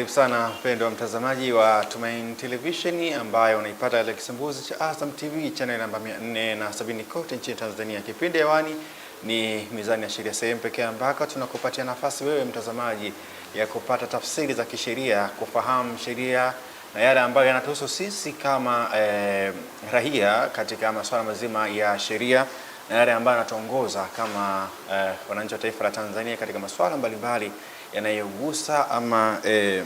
Karibu sana mpendwa mtazamaji wa Tumaini Televisheni ambayo unaipata katika kisambuzi cha Azam TV channel namba 470 kote nchini Tanzania. Kipindi hewani ni Mizani ya Sheria, sehemu pekee ambako tunakupatia nafasi wewe mtazamaji ya kupata tafsiri za kisheria, kufahamu sheria na yale ambayo yanatuhusu sisi kama eh, raia katika masuala mazima ya sheria na yale ambayo yanatuongoza kama eh, wananchi wa taifa la Tanzania katika masuala mbalimbali mbali yanayogusa ama e,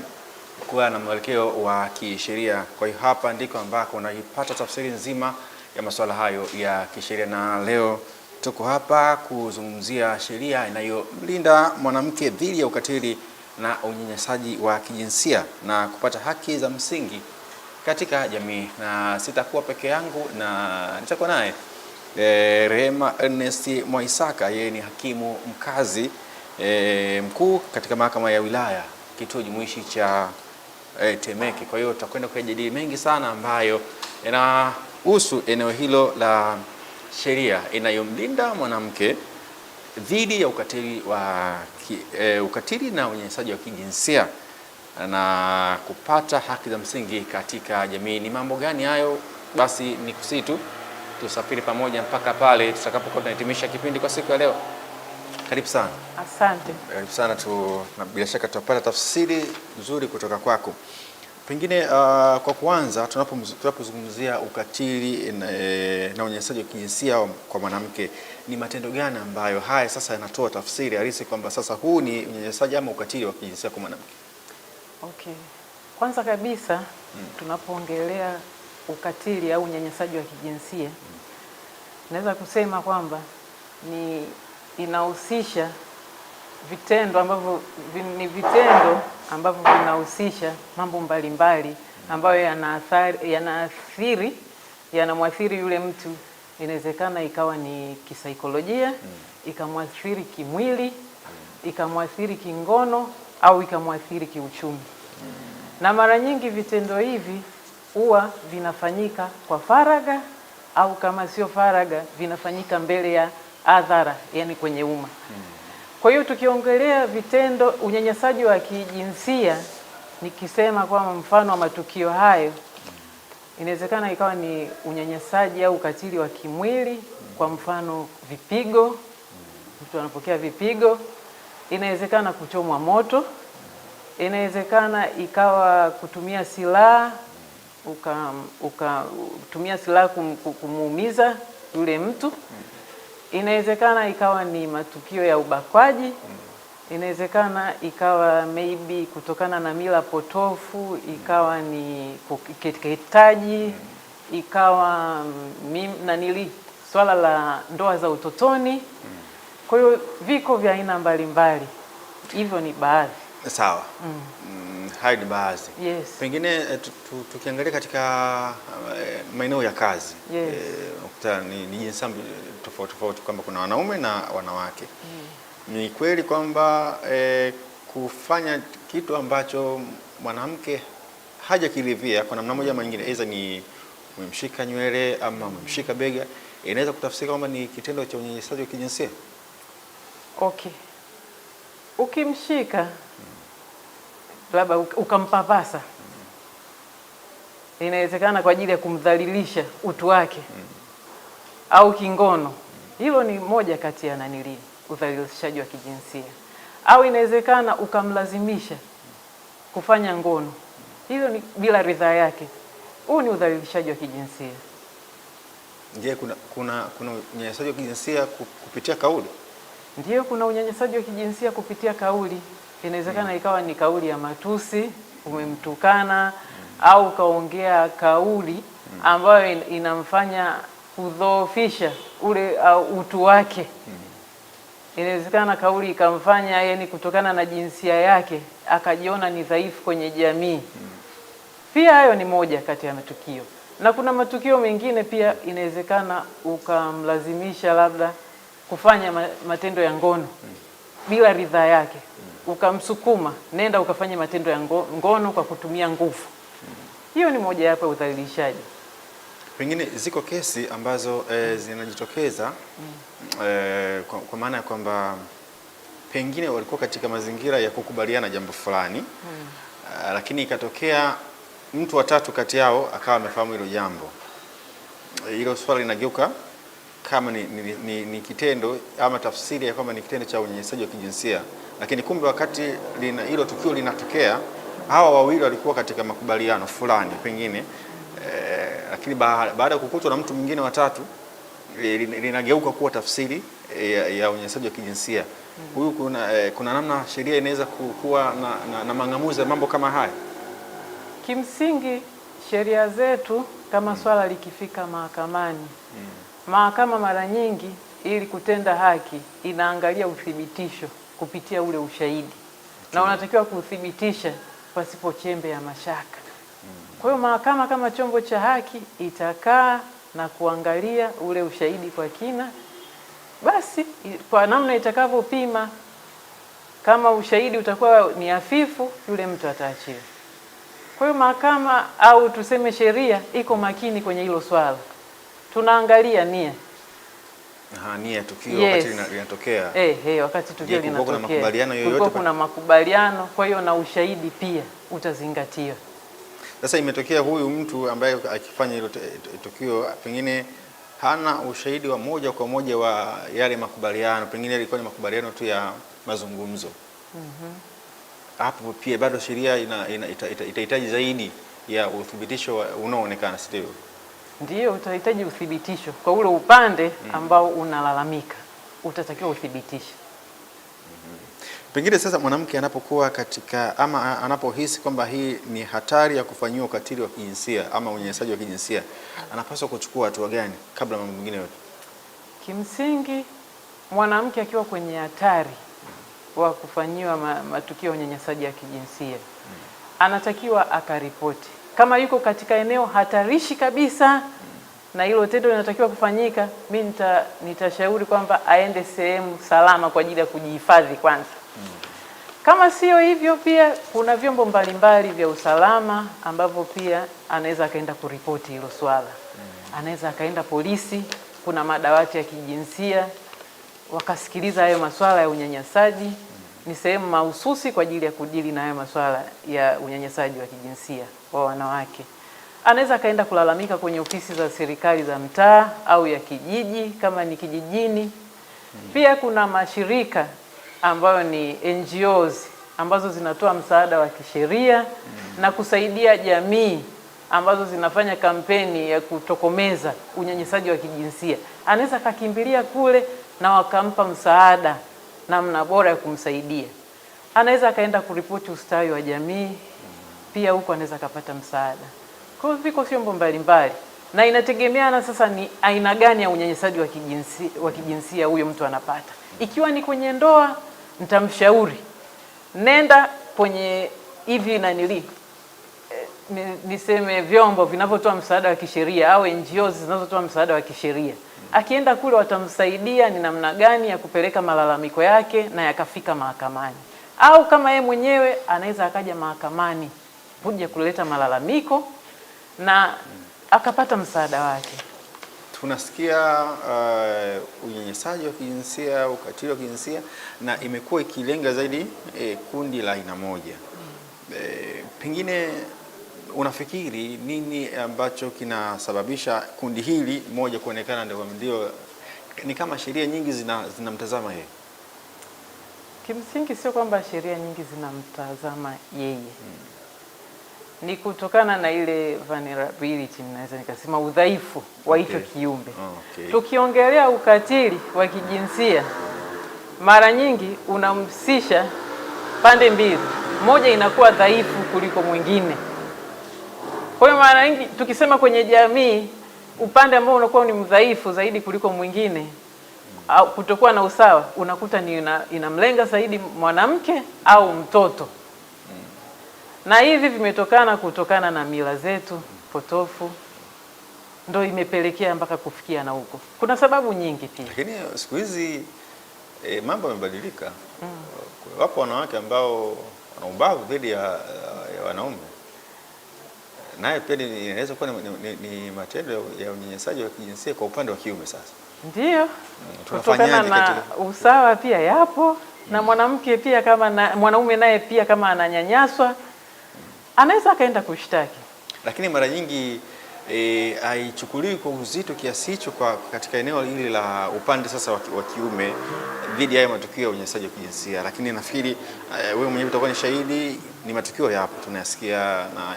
kuwa na mwelekeo wa kisheria. Kwa hiyo hapa ndiko ambako unaipata tafsiri nzima ya masuala hayo ya kisheria, na leo tuko hapa kuzungumzia sheria inayomlinda mwanamke dhidi ya ukatili na unyanyasaji wa kijinsia na kupata haki za msingi katika jamii, na sitakuwa peke yangu, na nitakuwa naye eh, Rehema Ernest Mwaisaka, yeye ni hakimu mkazi e, mkuu katika mahakama ya wilaya kituo jumuishi cha e, Temeke. Kwa hiyo tutakwenda kujadili mengi sana ambayo yanahusu eneo hilo la sheria inayomlinda mwanamke dhidi ya ukatili, wa, ki, e, ukatili na unyanyasaji wa kijinsia na kupata haki za msingi katika jamii. Ni mambo gani hayo? Basi ni kusitu tusafiri pamoja mpaka pale tutakapokuwa tunahitimisha kipindi kwa siku ya leo. Karibu sana. Asante. Karibu sana tu, bila shaka tutapata tafsiri nzuri kutoka kwako. Pengine uh, kwa kwanza tunapozungumzia ukatili e, na unyanyasaji wa kijinsia kwa mwanamke, ni matendo gani ambayo haya sasa yanatoa tafsiri halisi kwamba sasa huu ni unyanyasaji ama ukatili wa kijinsia kwa mwanamke? Okay. Kwanza kabisa hmm, tunapoongelea ukatili au unyanyasaji wa kijinsia hmm, naweza kusema kwamba ni inahusisha vitendo ambavyo ni vitendo ambavyo vinahusisha mambo mbalimbali ambayo yanaathiri yanamwathiri yule mtu. Inawezekana ikawa ni kisaikolojia, hmm. ikamwathiri kimwili, ikamwathiri kingono au ikamwathiri kiuchumi. Hmm. Na mara nyingi vitendo hivi huwa vinafanyika kwa faraga au kama sio faraga vinafanyika mbele ya adhara, yani kwenye umma. Kwa hiyo tukiongelea vitendo unyanyasaji wa kijinsia, nikisema kwa mfano wa matukio hayo inawezekana ikawa ni unyanyasaji au ukatili wa kimwili, kwa mfano vipigo, mtu anapokea vipigo, inawezekana kuchomwa moto, inawezekana ikawa kutumia silaha uka, uka, tumia silaha kum, kumuumiza yule mtu Inawezekana ikawa ni matukio ya ubakwaji, inawezekana ikawa maybe kutokana na mila potofu, ikawa ni kukeketaji, ikawa mm, nanili swala la ndoa za utotoni. Kwa hiyo viko vya aina mbalimbali, hivyo ni baadhi. Sawa. mm. mm. Hayo ni baadhi yes. Pengine eh, tukiangalia katika eh, maeneo ya kazi yes. E, ni, ni jinsia tofauti tofauti kwamba kuna wanaume na wanawake mm. Ni kweli kwamba e, kufanya kitu ambacho mwanamke hajakiridhia kwa namna moja ama nyingine, aidha ni umemshika nywele ama umemshika mm. bega, inaweza kutafsirika kwamba ni kitendo cha unyanyasaji wa kijinsia okay. Ukimshika labda ukampapasa, inawezekana kwa ajili ya kumdhalilisha utu wake au kingono. Hilo ni moja kati ya nanilii udhalilishaji wa kijinsia, au inawezekana ukamlazimisha kufanya ngono, hilo ni bila ridhaa yake. Huu ni udhalilishaji wa kijinsia. Je, kuna kuna kuna unyanyasaji wa kijinsia kupitia kauli? Ndiyo, kuna unyanyasaji wa kijinsia kupitia kauli inawezekana ikawa ni kauli ya matusi, umemtukana au ukaongea kauli ambayo inamfanya kudhoofisha ule uh, utu wake. Inawezekana kauli ikamfanya yani, kutokana na jinsia yake akajiona ni dhaifu kwenye jamii. Pia hayo ni moja kati ya matukio, na kuna matukio mengine pia inawezekana ukamlazimisha labda kufanya matendo ya ngono bila ridhaa yake, ukamsukuma nenda ukafanye matendo ya ngono kwa kutumia nguvu, hiyo ni moja yapo ya udhalilishaji. Pengine ziko kesi ambazo e, zinajitokeza e, kwa, kwa maana ya kwamba pengine walikuwa katika mazingira ya kukubaliana jambo fulani hmm. lakini ikatokea mtu watatu kati yao akawa amefahamu hilo jambo, hilo swala linageuka kama ni, ni, ni, ni kitendo ama tafsiri ya kwamba ni kitendo cha unyanyasaji wa kijinsia, lakini kumbe wakati hilo tukio linatokea hawa wawili walikuwa katika makubaliano fulani pengine eh, lakini baada ya kukutwa na mtu mwingine watatu eh, linageuka kuwa tafsiri eh, ya, ya unyanyasaji wa kijinsia huyu. mm -hmm. Kuna, eh, kuna namna sheria inaweza kuwa na, na, na mang'amuzi ya mambo kama haya. Kimsingi sheria zetu kama mm -hmm. swala likifika mahakamani mm -hmm Mahakama mara nyingi ili kutenda haki inaangalia uthibitisho kupitia ule ushahidi na unatakiwa kuthibitisha pasipo chembe ya mashaka. Mm-hmm. Kwa hiyo mahakama kama chombo cha haki itakaa na kuangalia ule ushahidi kwa kina, basi kwa namna itakavyopima. Kama ushahidi utakuwa ni hafifu, yule mtu ataachiwa. Kwa hiyo mahakama au tuseme sheria iko makini kwenye hilo swala tunaangalia nia Aha, nia tukio yes. Wakati linatokea eh, hey, eh, wakati tukio linatokea kuna makubaliano yoyote, kuna makubaliano, kwa hiyo na ushahidi pia utazingatia Sasa imetokea huyu mtu ambaye akifanya hilo tukio pengine hana ushahidi wa moja kwa moja wa yale makubaliano, pengine yalikuwa ni makubaliano tu ya mazungumzo mhm. hapo. mm -hmm. Pia bado sheria itahitaji ita, ita, ita zaidi ya uthibitisho unaoonekana, sio? ndio utahitaji uthibitisho kwa ule upande mm. ambao unalalamika, utatakiwa uthibitishe. Mm-hmm. Pengine sasa mwanamke anapokuwa katika ama anapohisi kwamba hii ni hatari ya kufanyiwa ukatili wa kijinsia ama unyanyasaji wa kijinsia, anapaswa kuchukua hatua gani kabla mambo mengine yote? Kimsingi, mwanamke akiwa kwenye hatari wa kufanyiwa matukio ya unyanyasaji ya kijinsia, mm. anatakiwa akaripoti kama yuko katika eneo hatarishi kabisa na hilo tendo linatakiwa kufanyika, mi nita, nitashauri kwamba aende sehemu salama kwa ajili ya kujihifadhi kwanza. Kama sio hivyo, pia kuna vyombo mbalimbali vya usalama ambavyo pia anaweza akaenda kuripoti hilo swala, anaweza akaenda polisi, kuna madawati ya kijinsia wakasikiliza hayo masuala ya unyanyasaji. Ni sehemu mahususi kwa ajili ya kudili na hayo masuala ya unyanyasaji wa kijinsia kwa wanawake. Anaweza akaenda kulalamika kwenye ofisi za serikali za mtaa au ya kijiji kama ni kijijini. Pia kuna mashirika ambayo ni NGOs ambazo zinatoa msaada wa kisheria na kusaidia jamii ambazo zinafanya kampeni ya kutokomeza unyanyasaji wa kijinsia. Anaweza akakimbilia kule na wakampa msaada namna bora ya kumsaidia. Anaweza akaenda kuripoti ustawi wa jamii pia huko anaweza akapata msaada. Kwa hiyo viko vyombo mbalimbali na inategemeana sasa ni aina gani ya unyanyasaji wa kijinsia wa kijinsia huyo mtu anapata. Ikiwa ni kwenye ndoa, nitamshauri nenda kwenye hivi nanili eh, niseme vyombo vinavyotoa msaada wa kisheria au NGOs zinazotoa msaada wa kisheria. Akienda kule, watamsaidia ni namna gani ya kupeleka malalamiko yake na yakafika mahakamani, au kama yeye mwenyewe anaweza akaja mahakamani kuja kuleta malalamiko na akapata msaada wake. Tunasikia uh, unyanyasaji wa kijinsia, ukatili wa kijinsia na imekuwa ikilenga zaidi eh, kundi la aina moja mm. Eh, pengine unafikiri nini ambacho kinasababisha kundi hili moja kuonekana ndio ndio ni kama sheria nyingi zinamtazama zina yeye? Kimsingi sio kwamba sheria nyingi zinamtazama yeye hmm ni kutokana na ile vulnerability, naweza nikasema udhaifu wa hicho okay. kiumbe okay. Tukiongelea ukatili wa kijinsia mara nyingi unamhusisha pande mbili, moja inakuwa dhaifu kuliko mwingine. Kwa hiyo mara nyingi tukisema kwenye jamii, upande ambao unakuwa ni mdhaifu zaidi kuliko mwingine au kutokuwa na usawa, unakuta ni ina, inamlenga zaidi mwanamke au mtoto na hivi vimetokana kutokana na mila zetu potofu, ndo imepelekea mpaka kufikia na huko. Kuna sababu nyingi pia, lakini eh, siku hizi e, mambo yamebadilika mm. Wapo wanawake ambao wana ubavu dhidi ya, ya wanaume, naye pia inaweza kuwa ni, ni, ni matendo ya unyanyasaji wa kijinsia kwa upande wa kiume. Sasa ndio mm, kutokana na usawa pia yapo mm. na mwanamke pia kama na, mwanaume naye pia kama ananyanyaswa anaweza akaenda kushtaki, lakini mara nyingi e, haichukuliwi kwa uzito kiasi hicho kwa katika eneo hili la upande sasa wa kiume dhidi ya matukio ya unyanyasaji wa kijinsia. Lakini nafikiri e, wewe mwenyewe utakuwa ni shahidi, ni matukio yapo tunayasikia na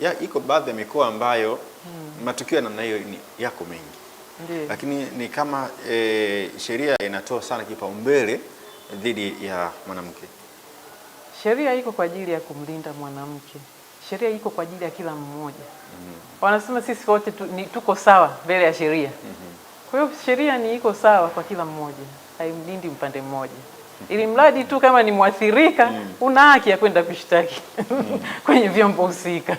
ya, iko baadhi ya mikoa ambayo hmm, matukio ya namna hiyo yako mengi Ndi. Lakini ni kama e, sheria inatoa sana kipaumbele dhidi ya mwanamke. Sheria iko kwa ajili ya kumlinda mwanamke, sheria iko kwa ajili ya kila mmoja. mm -hmm. Wanasema sisi wote tu, ni tuko sawa mbele ya sheria. mm -hmm. Kwa hiyo sheria ni iko sawa kwa kila mmoja, haimlindi mpande mmoja, ili mradi tu kama ni mwathirika. mm Una haki ya kwenda kushtaki mhm. kwenye vyombo husika.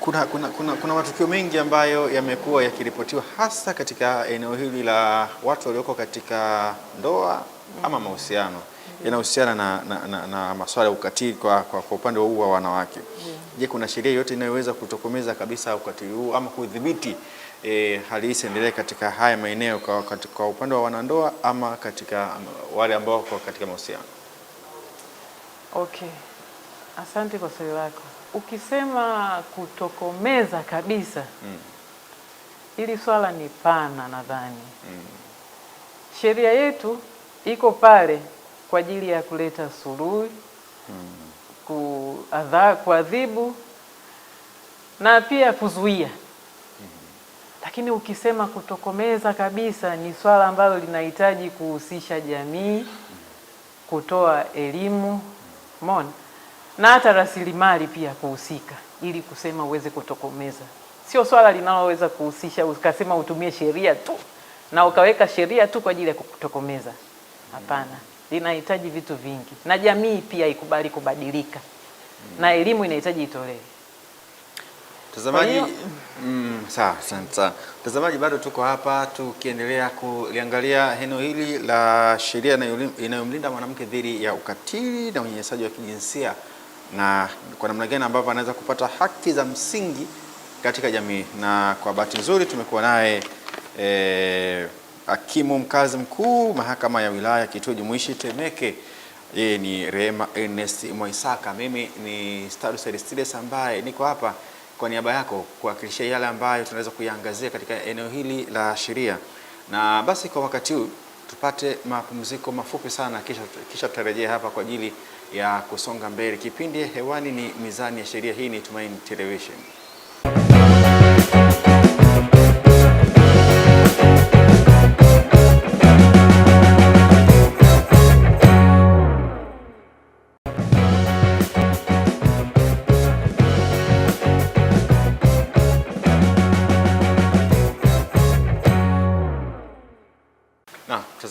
Kuna, kuna, kuna, kuna matukio mengi ambayo yamekuwa yakiripotiwa hasa katika eneo hili la watu walioko katika ndoa ama mhm. mahusiano yanahusiana na, na, na, na masuala ya ukatili kwa, kwa, kwa upande huu wa wanawake yeah. Je, kuna sheria yoyote inayoweza kutokomeza kabisa ukatili huu ama kudhibiti e, hali hii isiendelee katika haya maeneo kwa, kwa upande wa wanandoa ama katika um, wale ambao wako katika mahusiano? Okay. Asante kwa swali lako. Ukisema kutokomeza kabisa mm. Hili swala ni pana nadhani mm. Sheria yetu iko pale kwa ajili ya kuleta suluhi hmm. kuadhibu na pia kuzuia Lakini ukisema kutokomeza kabisa, ni swala ambalo linahitaji kuhusisha jamii, kutoa elimu mona na hata rasilimali pia kuhusika, ili kusema uweze kutokomeza. Sio swala linaloweza kuhusisha ukasema utumie sheria tu na ukaweka sheria tu kwa ajili ya kutokomeza. Hapana linahitaji vitu vingi, na jamii pia ikubali kubadilika na elimu inahitaji itolewe. Mtazamaji mm, sawa asante sana mtazamaji, bado tuko hapa tukiendelea kuliangalia eneo hili la sheria inayomlinda mwanamke dhidi ya ukatili na unyanyasaji wa kijinsia na kwa namna gani ambavyo anaweza kupata haki za msingi katika jamii, na kwa bahati nzuri tumekuwa naye eh, hakimu mkazi mkuu mahakama ya wilaya kituo jumuishi Temeke. Yeye ni Rehema Ernest Mwaisaka. Mimi ni Stadius Aristides ambaye niko hapa kwa niaba yako kuwakilisha yale ambayo tunaweza kuyaangazia katika eneo hili la sheria, na basi kwa wakati huu tupate mapumziko mafupi sana, kisha, kisha tutarejea hapa kwa ajili ya kusonga mbele. Kipindi hewani ni Mizani ya Sheria. Hii ni Tumaini Television.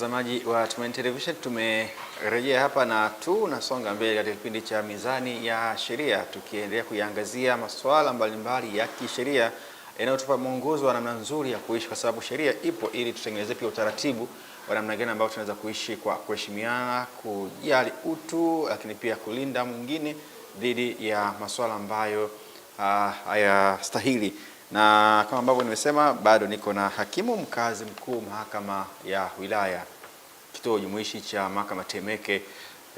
Mtazamaji wa Tumaini Television, tumerejea hapa na tunasonga mbele katika kipindi cha Mizani ya Sheria, tukiendelea kuiangazia masuala mbalimbali ya kisheria yanayotupa mwongozo wa namna nzuri ya kuishi, kwa sababu sheria ipo ili tutengeneze pia utaratibu wa namna gani ambao tunaweza kuishi kwa kuheshimiana, kujali utu, lakini pia kulinda mwingine dhidi ya masuala ambayo ah, hayastahili uh, na kama ambavyo nimesema, bado niko na hakimu mkazi mkuu mahakama ya wilaya kituo jumuishi cha mahakama Temeke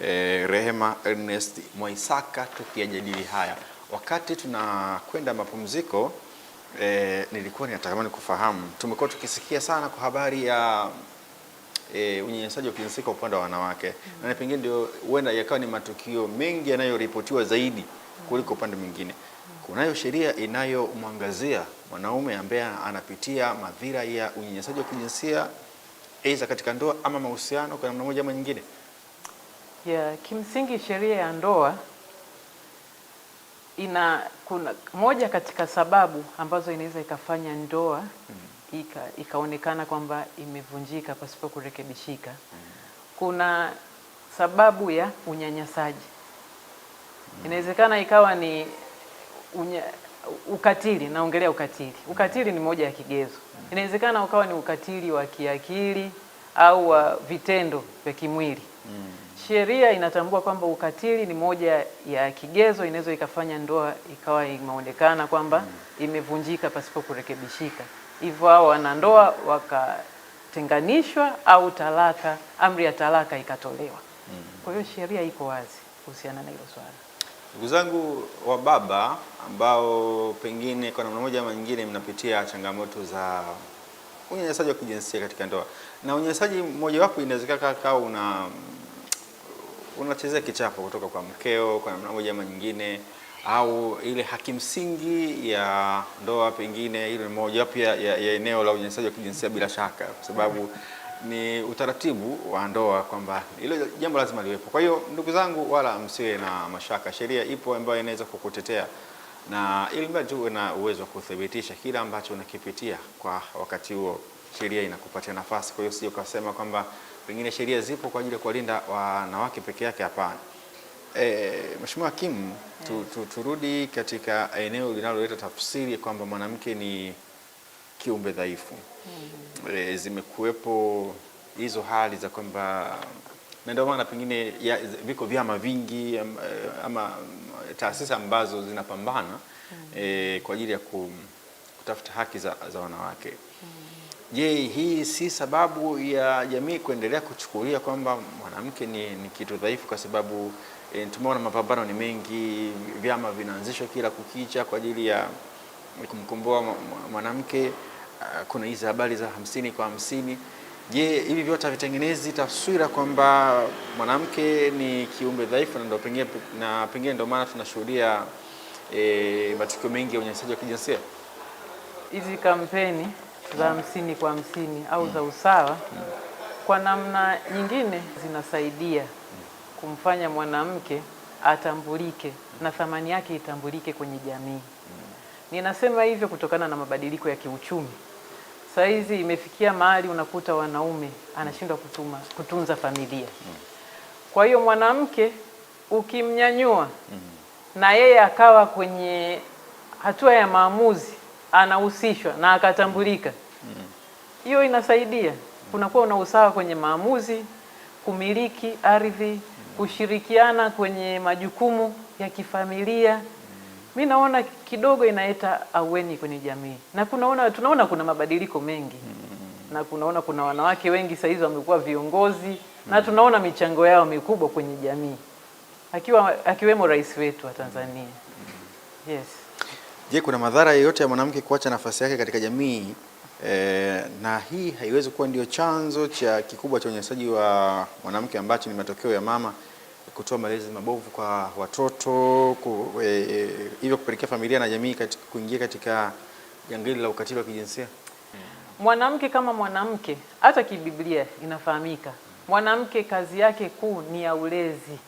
eh, Rehema Ernest Mwaisaka tukiyajadili haya. Wakati tunakwenda mapumziko eh, nilikuwa ninatamani kufahamu, tumekuwa tukisikia sana kwa habari ya E, unyanyasaji wa kijinsia kwa upande wa wanawake mm. na pengine ndio huenda yakawa ni matukio mengi yanayoripotiwa zaidi mm-hmm. kuliko upande mwingine kunayo sheria inayomwangazia mwanaume ambaye anapitia madhira ya unyanyasaji wa kijinsia aidha katika ndoa ama mahusiano kwa namna moja ama nyingine? Yeah, kimsingi sheria ya ndoa ina kuna moja katika sababu ambazo inaweza ikafanya ndoa mm -hmm. ika, ikaonekana kwamba imevunjika pasipo kurekebishika mm -hmm. kuna sababu ya unyanyasaji mm -hmm. inawezekana ikawa ni unya, ukatili, naongelea ukatili. Ukatili ni moja ya kigezo. Inawezekana ukawa ni ukatili wa kiakili au wa vitendo vya kimwili. Mm. Sheria inatambua kwamba ukatili ni moja ya kigezo, inaweza ikafanya ndoa ikawa imeonekana kwamba mm. imevunjika pasipo kurekebishika, hivyo hao wanandoa wakatenganishwa au talaka, amri ya talaka ikatolewa. Mm. Kwa hiyo sheria iko wazi kuhusiana na hilo swala. Ndugu zangu wa baba ambao pengine kwa namna moja ama nyingine mnapitia changamoto za unyanyasaji wa kijinsia katika ndoa, na unyanyasaji mmojawapo inawezekana kaa una unachezea kichapo kutoka kwa mkeo kwa namna moja ama nyingine, au ile haki msingi ya ndoa, pengine ile ni wapo ya, ya, ya eneo la unyanyasaji wa kijinsia bila shaka, kwa sababu ni utaratibu wa ndoa kwamba hilo jambo lazima liwepo. Kwa hiyo ndugu zangu, wala msiwe na mashaka, sheria ipo ambayo inaweza kukutetea na ili mradi na uwezo wa kuthibitisha kila ambacho unakipitia kwa wakati huo, sheria inakupatia nafasi. Kwa hiyo sio ukasema kwamba pengine sheria zipo kwa ajili ya kuwalinda wanawake peke yake, hapana. E, Mheshimiwa Hakimu, tu, mm. tu, turudi katika eneo linaloleta tafsiri kwamba mwanamke ni kiumbe dhaifu mm. E, zimekuwepo hizo hali za kwamba na ndio maana pengine ya, viko vyama vingi eh, ama, ama mm, taasisi ambazo zinapambana mm. e, kwa ajili ya kutafuta haki za, za wanawake mm. Je, hii si sababu ya jamii kuendelea kuchukulia kwamba mwanamke ni, ni kitu dhaifu kwa sababu e, tumeona mapambano ni mengi, vyama vinaanzishwa kila kukicha kwa ajili ya kumkomboa mwanamke. Ah, kuna hizi habari za hamsini kwa hamsini. Je, hivi vyote havitengenezi taswira kwamba mwanamke ni kiumbe dhaifu, na ndio pengine na pengine ndio maana tunashuhudia e, matukio mengi ya unyanyasaji wa kijinsia? Hizi kampeni za hmm. hamsini kwa hamsini au za hmm. usawa hmm. kwa namna nyingine zinasaidia kumfanya mwanamke atambulike na thamani yake itambulike kwenye jamii. Ninasema hivyo kutokana na mabadiliko ya kiuchumi Saa hizi imefikia mahali unakuta wanaume anashindwa kutuma, kutunza familia. Kwa hiyo mwanamke ukimnyanyua mm-hmm. na yeye akawa kwenye hatua ya maamuzi anahusishwa na akatambulika, mm-hmm. hiyo inasaidia. Kunakuwa na usawa kwenye maamuzi, kumiliki ardhi, mm-hmm. kushirikiana kwenye majukumu ya kifamilia mi naona kidogo inaeta aweni kwenye jamii na kunaona, tunaona kuna mabadiliko mengi mm. na kunaona kuna wanawake wengi sahizi wamekuwa viongozi mm. na tunaona michango yao mikubwa kwenye jamii akiwa akiwemo rais wetu wa Tanzania mm. yes. Je, kuna madhara yoyote ya mwanamke kuacha nafasi yake katika jamii eh? na hii haiwezi kuwa ndio chanzo cha kikubwa cha unyanyasaji wa mwanamke ambacho ni matokeo ya mama kutoa malezi mabovu kwa watoto ku, e, e hivyo kupelekea familia na jamii katika, kuingia katika jangili la ukatili wa kijinsia. Mwanamke kama mwanamke, hata kibiblia inafahamika mwanamke kazi yake kuu ni ya ulezi,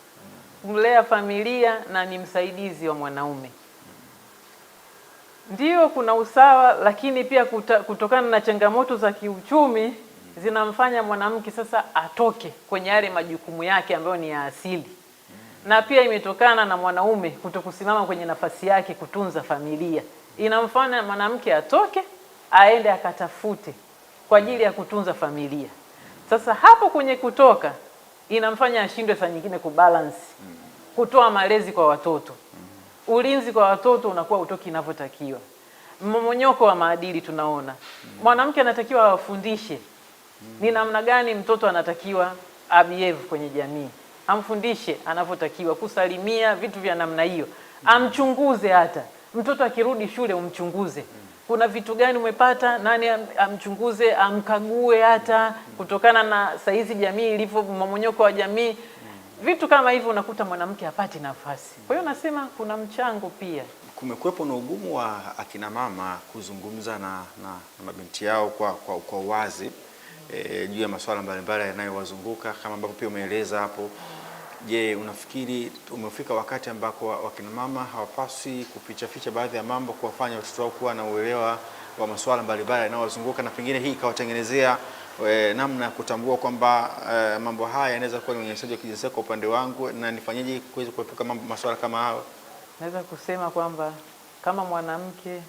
kulea familia na ni msaidizi wa mwanaume. Ndiyo, kuna usawa, lakini pia kuta, kutokana na changamoto za kiuchumi zinamfanya mwanamke sasa atoke kwenye yale majukumu yake ambayo ni ya asili, na pia imetokana na mwanaume kutokusimama kwenye nafasi yake kutunza familia. Inamfanya mwanamke atoke aende akatafute kwa ajili ya kutunza familia. Sasa hapo kwenye kutoka inamfanya ashindwe saa nyingine kubalance, kutoa malezi kwa watoto, ulinzi kwa watoto unakuwa utoki inavyotakiwa, mmomonyoko wa maadili tunaona mwanamke anatakiwa awafundishe Mm. ni namna gani mtoto anatakiwa abehave kwenye jamii, amfundishe anavyotakiwa kusalimia, vitu vya namna hiyo, mm. amchunguze. Hata mtoto akirudi shule umchunguze mm. kuna vitu gani umepata nani, amchunguze amkague, hata kutokana na saizi jamii ilivyo, mamonyoko wa jamii, vitu kama hivyo, unakuta mwanamke hapati nafasi. Kwa hiyo nasema kuna mchango pia. Kumekuwepo na ugumu wa akina mama kuzungumza na, na, na mabinti yao kwa kwa, kwa wazi e, juu ya masuala mbalimbali yanayowazunguka kama ambavyo pia umeeleza hapo. Je, unafikiri umefika wakati ambako wakina mama hawapaswi kufichaficha baadhi ya mambo kuwafanya watoto wao kuwa na uelewa wa masuala mbalimbali yanayowazunguka na pengine hii ikawatengenezea e, namna ya kutambua kwamba e, mambo haya yanaweza kuwa ni unyanyasaji wa kijinsia kwa upande wangu na nifanyeje kuweza kuepuka masuala kama hayo? Naweza kusema kwamba kama mwanamke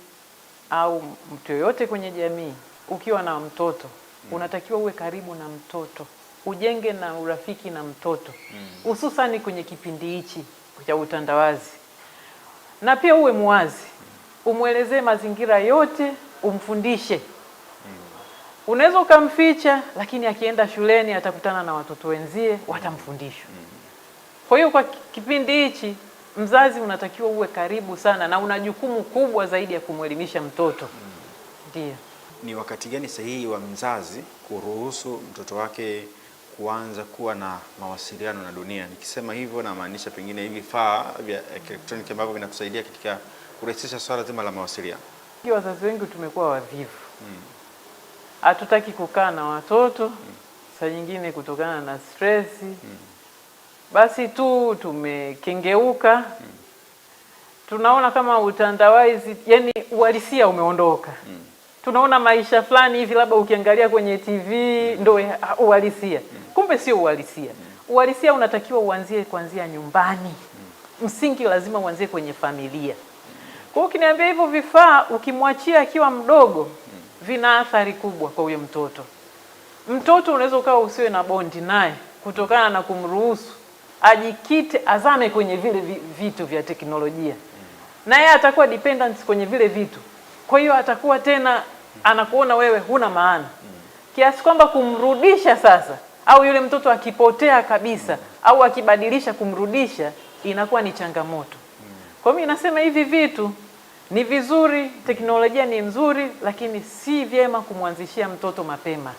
au mtu yoyote kwenye jamii ukiwa na mtoto unatakiwa uwe karibu na mtoto, ujenge na urafiki na mtoto mm. hususani mm. kwenye kipindi hichi cha utandawazi, na pia uwe muwazi, umwelezee mazingira yote, umfundishe mm. unaweza ukamficha, lakini akienda shuleni atakutana na watoto wenzie watamfundisha. Mm. Kwa hiyo kwa kipindi hichi mzazi unatakiwa uwe karibu sana, na una jukumu kubwa zaidi ya kumwelimisha mtoto. ndio ni wakati gani sahihi wa mzazi kuruhusu mtoto wake kuanza kuwa na mawasiliano na dunia. Nikisema hivyo, namaanisha pengine vifaa vya elektroniki ambavyo vinakusaidia katika kurahisisha swala zima la mawasiliano. Wazazi wengi tumekuwa wavivu, hmm. hatutaki hmm. kukaa na watoto hmm. saa nyingine kutokana na stress hmm. basi tu tumekengeuka hmm. tunaona kama utandawazi, yani uhalisia umeondoka hmm tunaona maisha fulani hivi, labda ukiangalia kwenye TV ndo uhalisia, kumbe sio uhalisia. Uhalisia unatakiwa uanzie kuanzia nyumbani, msingi lazima uanzie kwenye familia. Kwa hiyo ukiniambia hivyo vifaa ukimwachia akiwa mdogo, vina athari kubwa kwa huyo mtoto. Mtoto unaweza ukawa usiwe na bondi naye kutokana na kumruhusu ajikite azame kwenye vile vitu vya teknolojia, na yeye atakuwa dependent kwenye vile vitu, kwa hiyo atakuwa tena anakuona wewe huna maana, kiasi kwamba kumrudisha sasa, au yule mtoto akipotea kabisa au akibadilisha, kumrudisha inakuwa ni changamoto. Kwa hiyo nasema hivi vitu ni vizuri, teknolojia ni nzuri, lakini si vyema kumwanzishia mtoto mapema.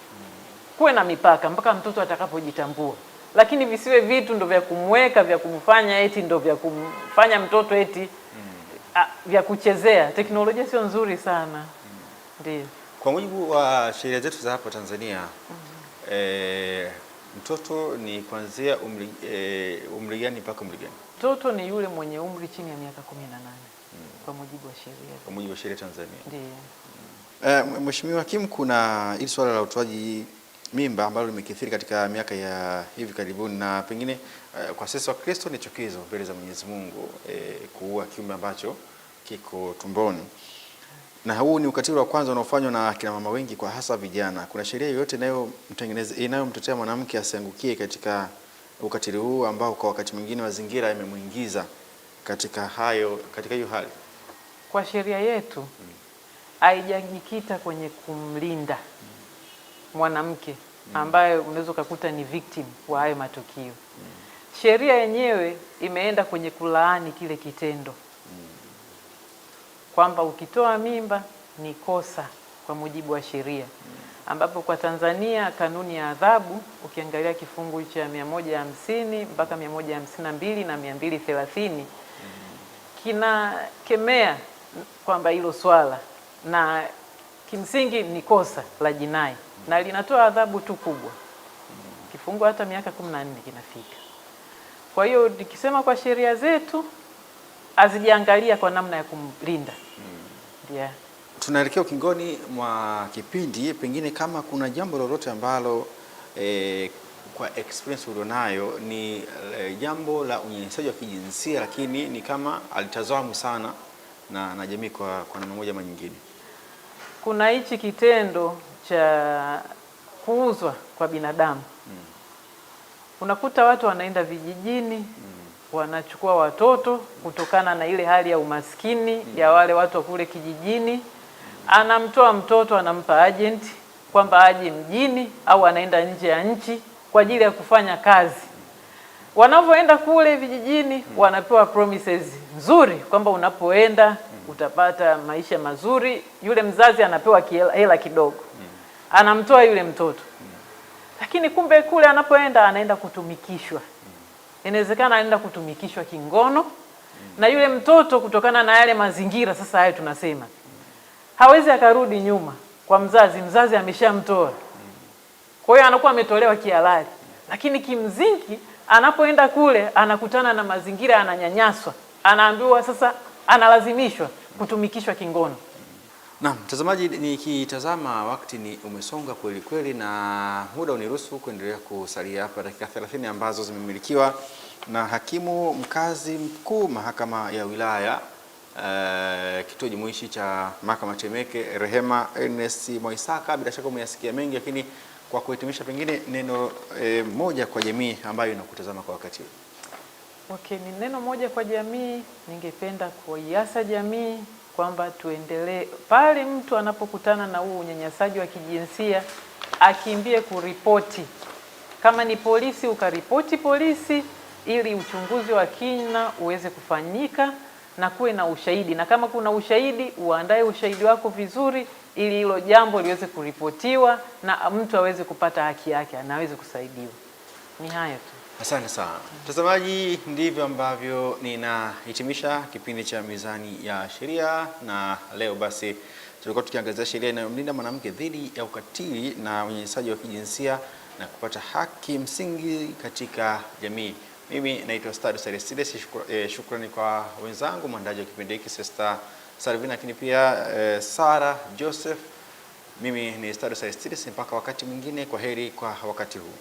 Kuwe na mipaka mpaka mtoto atakapojitambua, lakini visiwe vitu ndo vya kumweka vya kumfanya eti ndo vya kumfanya mtoto eti a, vya kuchezea. Teknolojia sio nzuri sana. Ndiyo. Kwa mujibu wa sheria zetu za hapa Tanzania mm -hmm. e, mtoto ni kuanzia umri e, umri gani mpaka umri gani? Mtoto ni yule mwenye umri chini ya miaka 18 mm. kwa mujibu wa sheria kwa mujibu wa sheria Tanzania. Ndiyo. Mm. E, Mheshimiwa Hakimu, kuna ili swala la utoaji mimba ambalo limekithiri katika miaka ya hivi karibuni na pengine uh, kwa sisi Wakristo ni chukizo mbele za Mwenyezi Mungu eh, kuua kiumbe ambacho kiko tumboni na huu ni ukatili wa kwanza unaofanywa na akina mama wengi kwa hasa vijana. Kuna sheria yoyote inayomtengeneza inayomtetea mwanamke asiangukie katika ukatili huu ambao kwa wakati mwingine mazingira yamemuingiza katika hayo katika hiyo hali? Kwa sheria yetu hmm. haijajikita hmm, kwenye kumlinda hmm, mwanamke ambaye unaweza ukakuta ni victim wa hayo matukio hmm. Sheria yenyewe imeenda kwenye kulaani kile kitendo kwamba ukitoa mimba ni kosa kwa mujibu wa sheria ambapo kwa Tanzania kanuni ya adhabu ukiangalia kifungu cha 150 mpaka 152 na 230 kinakemea kwamba hilo swala na kimsingi ni kosa la jinai na linatoa adhabu tu kubwa, kifungo hata miaka 14 kinafika. Kwa hiyo nikisema kwa sheria zetu hazijaangalia kwa namna ya kumlinda mm. yeah. Tunaelekea ukingoni mwa kipindi, pengine kama kuna jambo lolote ambalo eh, kwa experience ulionayo ni eh, jambo la unyanyasaji wa kijinsia lakini ni kama alitazamu sana na, na jamii kwa, kwa namna moja ama nyingine. Kuna hichi kitendo cha kuuzwa kwa binadamu mm. Unakuta watu wanaenda vijijini mm wanachukua watoto kutokana na ile hali ya umaskini ya mm. wale watu wa kule kijijini. Anamtoa mtoto anampa ajenti kwamba aje mjini au anaenda nje ya nchi kwa ajili ya kufanya kazi. Wanavyoenda kule vijijini, mm. wanapewa promises nzuri kwamba unapoenda mm. utapata maisha mazuri. Yule mzazi anapewa hela kidogo, anamtoa yule mtoto, lakini kumbe kule anapoenda anaenda kutumikishwa inawezekana anaenda kutumikishwa kingono na yule mtoto kutokana na yale mazingira sasa hayo tunasema, hawezi akarudi nyuma kwa mzazi. Mzazi ameshamtoa, kwa hiyo anakuwa ametolewa kihalali, lakini kimzingi anapoenda kule anakutana na mazingira, ananyanyaswa, anaambiwa sasa, analazimishwa kutumikishwa kingono. Na mtazamaji, nikitazama wakati ni umesonga kweli kweli, na muda uniruhusu kuendelea kusalia hapa dakika 30 ambazo zimemilikiwa na hakimu mkazi mkuu mahakama ya wilaya Uh, kituo jumuishi cha mahakama Temeke Rehema Ernest Mwaisaka, bila shaka umeyasikia mengi, lakini kwa kuhitimisha, pengine neno eh, moja kwa jamii ambayo inakutazama kwa wakati huu. Okay, ni neno moja kwa jamii, ningependa kuiasa jamii kwamba tuendelee pale mtu anapokutana na huu unyanyasaji wa kijinsia akimbie kuripoti. Kama ni polisi, ukaripoti polisi ili uchunguzi wa kina uweze kufanyika na kuwe na ushahidi, na kama kuna ushahidi uandae ushahidi wako vizuri, ili hilo jambo liweze kuripotiwa na mtu aweze kupata haki yake anaweze kusaidiwa. Ni hayo tu. Asante sana mtazamaji, ndivyo ambavyo ninahitimisha kipindi cha Mizani ya Sheria, na leo basi tulikuwa tukiangazia sheria inayomlinda mwanamke dhidi ya ukatili na unyanyasaji wa kijinsia na kupata haki msingi katika jamii. Mimi naitwa Stadius Aristides, eh, shukrani kwa wenzangu mwandaji wa kipindi hiki Sister Salvina, lakini pia eh, Sara Joseph. Mimi ni Stadius Aristides, mpaka wakati mwingine, kwa heri kwa wakati huu.